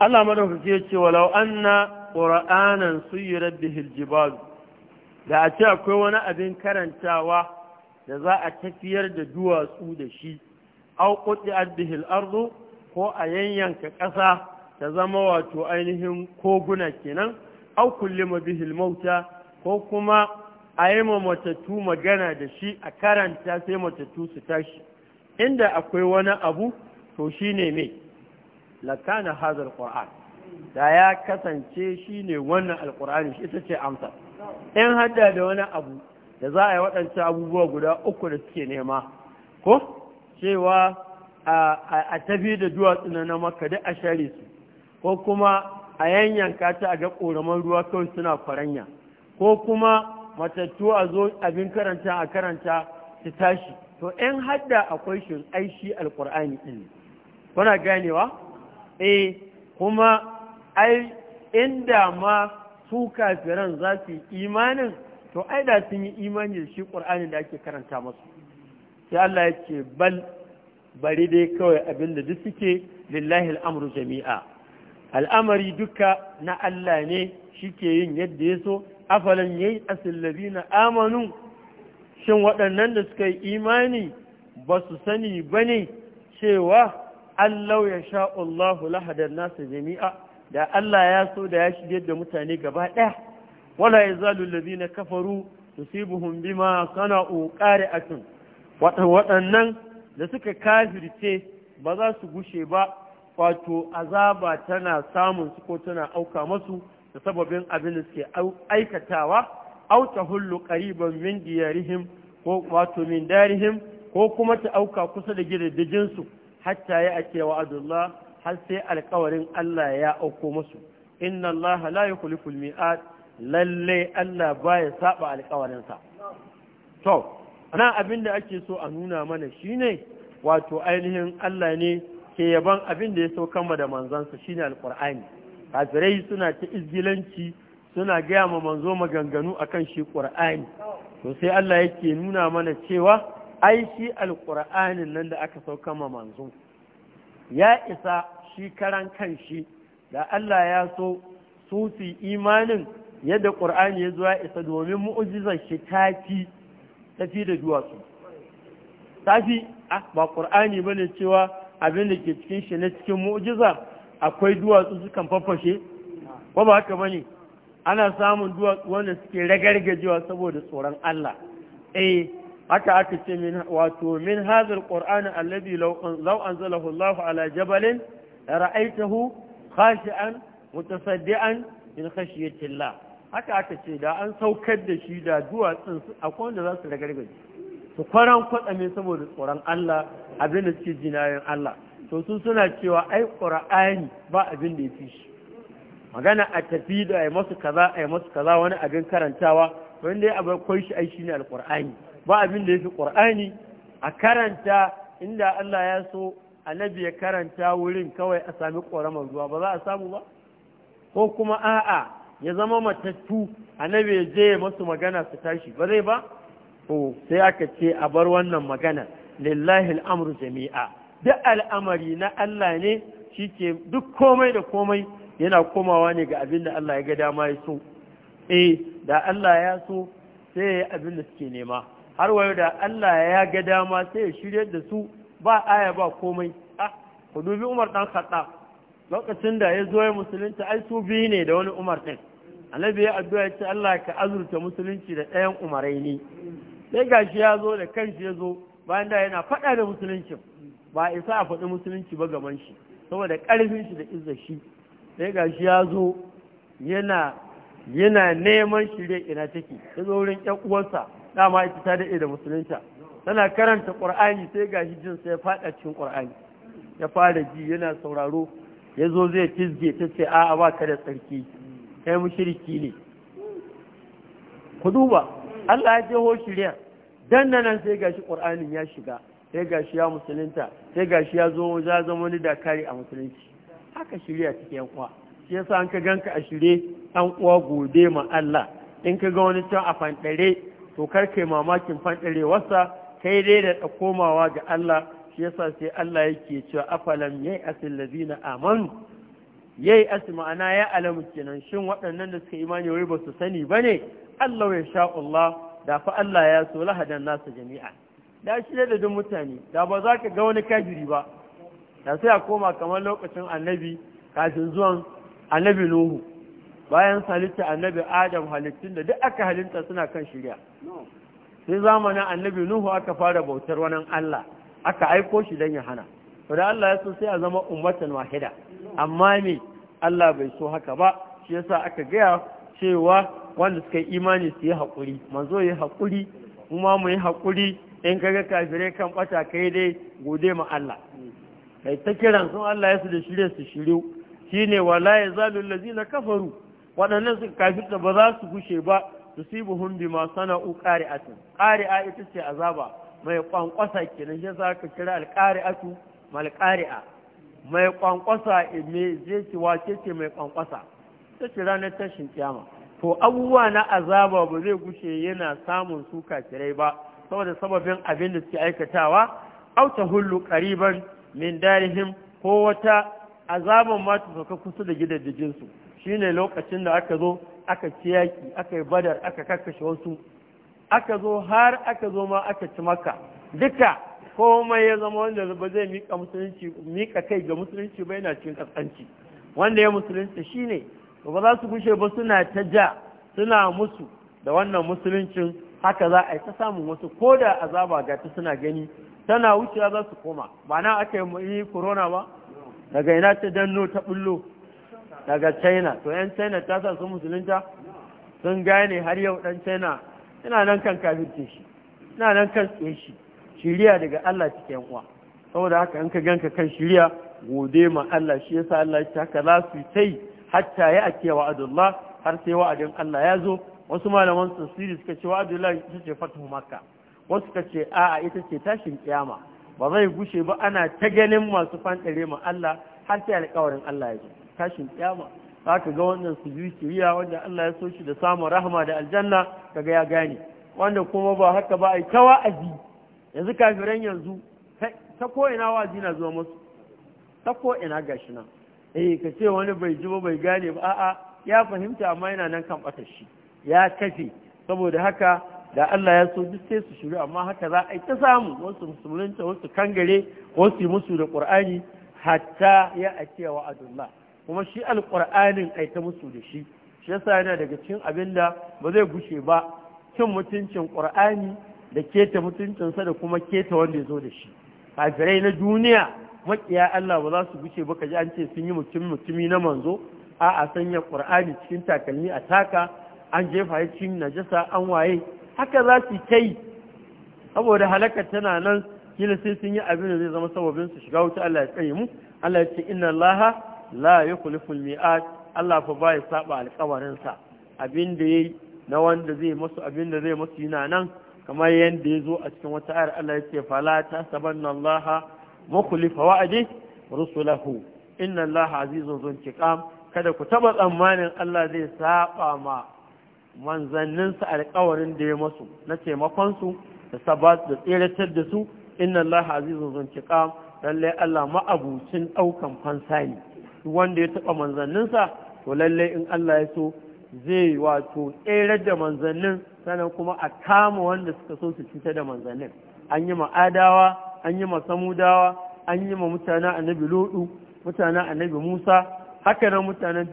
الله مدعو في ولو أن قرآنا سيرت به الجبال da a ce akwai wani abin da za a tafiyar da duwatsu da shi au qudi adbihil ardu ko a yanyanka ƙasa ta zama wato ainihin koguna kenan au ma bihil mauta ko kuma a yi ma matattu magana da shi a karanta sai matattu su tashi inda akwai wani abu to shine me lakana hazar qur'an da ya kasance shine wannan Alƙur'ani, shi ita ce amsa in hadda da wani abu da za a yi waɗancan abubuwa guda uku da suke nema ko cewa a tafi da duwatsu na maka duk a share su ko kuma a yanyanka ta a ga ƙoraman ruwa kawai suna kwaranya ko kuma matattu a zo abin karanta a karanta su tashi to in hadda akwai shi aishi alƙur'ani ɗin kuna ganewa eh kuma ai inda ma su kafiran za su imanin to ai da sun yi imani da shi ƙur'ani da ake karanta masu sai Allah ya ce bal bari dai kawai abin da duk suke lillahi al'amru jami'a al'amari duka na Allah ne shi ke yin yadda ya so afalan yayi asillabi na amanu shin waɗannan da suka yi imani ba su sani ba ne cewa Allah ya sha'ullahu lahadar nasa jami'a da Allah ya so da ya shirya da mutane gaba ɗaya wala yazalu allazina kafaru tusibuhum bima a qari'atun waɗannan da suka kafirce ba za su gushe ba wato azaba tana samun su ko tana auka masu da sababin abin da suke aikatawa auta hullu qariban min diyarihim ko wato min darihim ko kuma ta auka kusa da gidajen su hatta ya ake wa'adullah har sai alkawarin Allah ya auko masu inna Allah la yukhliful mi'ad lalle Allah ba ya saba alƙawarinsa to ana abin da ake so a nuna mana shi ne wato ainihin Allah ne ke yaban abin da ya sauka ma da manzansa shine alƙur'ani kafirai suna ta izgilanci suna gaya ma manzo maganganu akan shi ƙur'ani to sai Allah yake nuna mana cewa ai shi alƙur'anin nan da aka sauka ma manzo ya isa shi karan kan shi da Allah ya so su su imanin yadda ƙur'ani ya zuwa isa domin mu'ujizar shi tafi tafi da duwatsu tafi ba ƙur'ani ba ne cewa abin da ke cikin shi na cikin mu'ujiza akwai duwatsu sukan fafashe ba ba haka ba ne ana samun duwatsu wanda suke ragargajewa saboda tsoron Allah eh haka aka ce min wato min hazar qur'ani allabi law law zala Allah ala jabalin ra'aytahu khashi'an mutasaddian min haka aka ce da an saukar da shi da duwatsun akwai wanda za su ragargaje su kwaran kwatsame saboda tsoron Allah abin da suke jinayen Allah to sun suna cewa ai ƙura'ani ba abin da ya fi shi magana a tafi da ai masu kaza ai masu kaza wani abin karantawa wanda ya abai kwai shi ai shine ne alƙur'ani ba abin da ya fi ƙur'ani a karanta inda Allah ya so annabi ya karanta wurin kawai a sami ƙoramar ruwa ba za a samu ba ko kuma a'a ya zama matattu annabi ya je masu magana su tashi ba zai ba to sai aka ce a bar wannan magana lillahi al'amru jami'a duk al'amari na Allah ne shike duk komai da komai yana komawa ne ga abin da Allah ya ga dama ya so eh da Allah ya so sai ya abin da suke nema har wayo da Allah ya ga dama sai ya shiryar da su ba aya ba komai ah ku dubi Umar ɗan Khattab lokacin da ya zo ya musulunta ai su biyu ne da wani Umar din annabi ya addu'a ya ce Allah ka azurta musulunci da ɗayan umarai ne sai gashi ya zo da kanshi ya zo bayan da yana faɗa da musulunci ba isa a faɗi musulunci ba gaban shi saboda ƙarfin shi da izza shi sai gashi ya zo yana yana neman shirye ina take ya zo wurin ƴan uwansa dama ita ta daɗe da musulunta tana karanta ƙur'ani sai gashi jin sai faɗa cikin ƙur'ani ya fara ji yana sauraro ya zo zai tizge ta ce a'a ba ka da tsarki kai mushiriki ne ku duba Allah ya jeho shirya dan nan sai gashi Qur'anin ya shiga sai gashi ya musulunta sai gashi ya zo ya zama wani kare a musulunci haka shirya take yan kwa shi yasa an ka ganka a shirye an uwa gode ma Allah in ka ga wani can a fanɗare to kar kai mamakin wasa kai dai da komawa ga Allah shi yasa sai Allah yake cewa afalam 'yai asil ladina amanu yayi asu ma'ana ya alamu kenan shin waɗannan da suka imani wai ba su sani ba ne Allah ya sha Allah da fa Allah ya so lahadan nasu jami'a da shi da duk mutane da ba za ka ga wani kafiri ba da sai a koma kamar lokacin annabi kafin zuwan annabi Nuhu bayan halitta annabi Adam halittun da duk aka halitta suna kan shirya sai zamanin annabi Nuhu aka fara bautar wani Allah aka aiko shi don ya hana to Allah ya so sai a zama ummatan wahida amma me Allah bai so haka ba shi yasa aka gaya cewa wanda suka yi imani su yi haƙuri manzo yi haƙuri kuma mu yi haƙuri in kaga kafirai kan bata kai dai gode ma Allah kai ta kiran sun Allah ya su da shirye su shiryu shine wala zalul ladina kafaru waɗannan su da ba za su gushe ba su bi ma sana'u qari'atun qari'a ita ce azaba mai kwankwasa kenan shi yasa aka kira alqari'atu mal qari'a mai kwankwasa me zai ci wace ce mai kwankwasa ta ce ranar tashin kiyama to abubuwa na azaba ba zai gushe yana samun su kirai ba saboda sababin abin da suke aikatawa au ta hullu kariban min darihim ko wata azaban ma ta sauka kusa da gidajen su shine lokacin da aka zo aka ci yaki aka yi badar aka kakkashe wasu aka zo har aka zo ma aka ci maka duka komai ya zama wanda ba zai mika musulunci mika kai ga musulunci ba yana cikin kaskanci wanda ya musulunci shine ba za su gushe ba suna ta ja suna musu da wannan musuluncin haka za a yi ta samun wasu ko da azaba ga ta suna gani tana wucewa za su koma ba na aka yi corona ba daga ina ta danno ta bullo daga china to yan china ta sa su musulunta sun gane har yau dan china ina nan kan kafirce shi ina nan kan tsoye shi shiriya daga Allah cikin uwa saboda haka in ka ganka kan shiriya gode ma Allah shi yasa Allah ya haka za su sai hatta ya ake wa'adullah har sai wa'adin Allah ya zo wasu malaman tafsiri suka ce wa'adullah ita ce fatu makka wasu ka ce a'a ita ce tashin kiyama ba zai gushe ba ana ta ganin masu fanɗare ma Allah har sai alƙawarin Allah ya zo tashin kiyama za ka ga wannan su biyu shiriya wanda Allah ya so shi da samun rahama da aljanna kaga ya gane wanda kuma ba haka ba ai ta wa'azi yanzu kafiran yanzu ta ko'ina wazi na zuwa musu ta ko'ina gashi nan eh ka ce wani bai ji ba bai gane ba a'a ya fahimta amma yana nan kan ɓata shi ya kafe saboda haka da Allah ya so duk sai su shiru amma haka za a yi ta samu wasu musulunta wasu kangare wasu musu da ƙur'ani hatta ya ake wa'adullah kuma shi alƙur'anin aita musu da shi shi yasa yana daga cikin abin da ba zai gushe ba cin mutuncin ƙur'ani da keta mutuncinsa da kuma keta wanda ya zo da shi kafirai na duniya makiya Allah ba za su guce ba kaji an ce sun yi mutum mutumi na manzo a a sanya qur'ani cikin takalmi a taka an jefa ya cikin najasa an waye haka za su kai saboda halakar tana nan kila sai sun yi abin da zai zama sababin su shiga wuta Allah ya tsare mu Allah ya ce inna Allah la yukhlifu al-mi'ad Allah fa ba ya saba alƙawarin sa abin da yayi na wanda zai masu abin da zai masu yana nan kamar yadda ya zo a cikin wata ayar Allah ya ce fala ta sabanna Allah mukhlifa wa'adi rusulahu inna Allah azizun zuntiqam kada ku taba tsammanin Allah zai saba ma manzannin manzanninsa alƙawarin da ya masu na taimakon su da sabat da tseratar da su inna Allah azizun zuntiqam lalle Allah ma'abucin daukan fansa ne wanda ya taba sa? to lalle in Allah ya so zai wato tsere da manzannin sannan kuma a kama wanda suka so su cuta da manzannin an yi ma'adawa an yi samudawa an yi ma mutanen annabi lodu mutanen annabi musa haka nan mutanen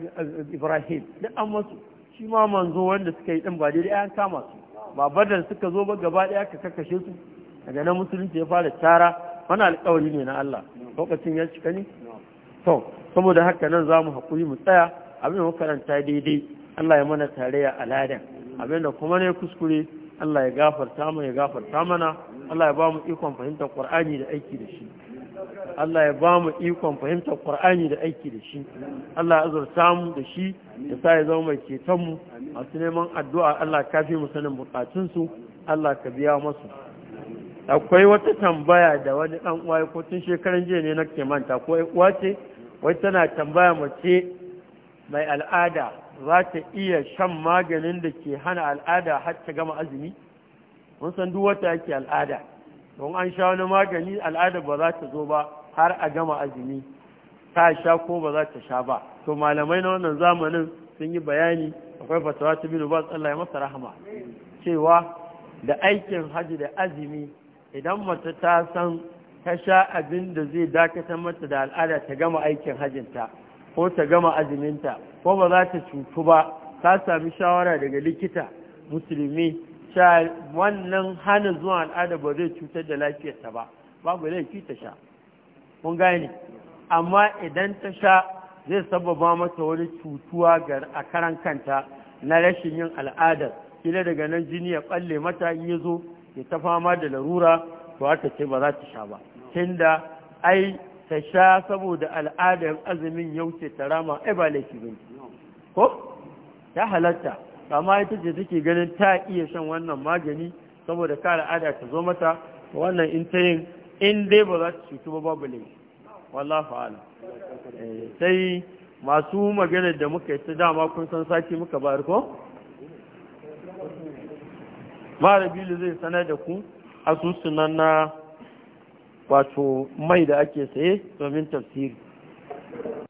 ibrahim duk an masu shi ma manzo wanda suka yi din ba daidai an kama su ba badan suka zo ba gaba ɗaya ka kakkashe su daga nan musulunci ya fara tara wani alkawari ne na Allah lokacin ya cika ne to saboda haka nan za mu haƙuri mu tsaya abin mu karanta daidai Allah ya mana tarayya aladan abinda kuma ne kuskure Allah ya gafarta mu ya gafarta mana Allah ya ba mu ikon fahimtar Qur'ani da aiki da shi Allah ya ba mu ikon fahimtar Qur'ani da aiki da shi Allah ya azurta mu da shi ya sa ya zama mai ceton mu masu neman addu'a Allah ka fi mu sanin bukatun su Allah ka biya masu akwai wata tambaya da wani dan uwa ko tun shekaran jiya ne ke manta ko uwa ce wai tana tambaya mace mai al'ada za ta iya shan maganin da ke hana al'ada har ta gama azumi mun san duk wata yake al'ada don an sha wani magani al'ada ba za ta zo ba har a gama azumi ta sha ko ba za ta sha ba to malamai na wannan zamanin sun yi bayani akwai fatawa ta biyu ba Allah ya masa rahama cewa da aikin hajji da azumi idan mace ta san ta sha abin da zai dakatar mata da al'ada ta gama aikin hajinta ko ta gama azuminta ko ba za ta cutu ba ta sami shawara daga likita musulmi sha wannan hana zuwa al'adar ba zai cutar da lafiyarta ba babu laifi ta sha kun gane amma idan ta sha zai sababa mata wani cutuwa ga a karan kanta na rashin yin al'adar kila daga nan jini ya balle mata yi ya zo ya ta fama da larura to aka ce ba za ta sha ba tunda ai ta sha saboda al'adar azumin ya wuce ta rama ai ba laifi ko ta halatta amma ita ce take ganin ta iya shan wannan magani saboda ka al'ada ta zo mata wannan in ta yin in dai ba za ta cutu ba babu ne wallah fa'ala eh, sai masu maganar da muka yi ta dama kun san sati muka bayar ko marabilu zai sanar da ku asusunan na wato mai da ake saye domin tafsiri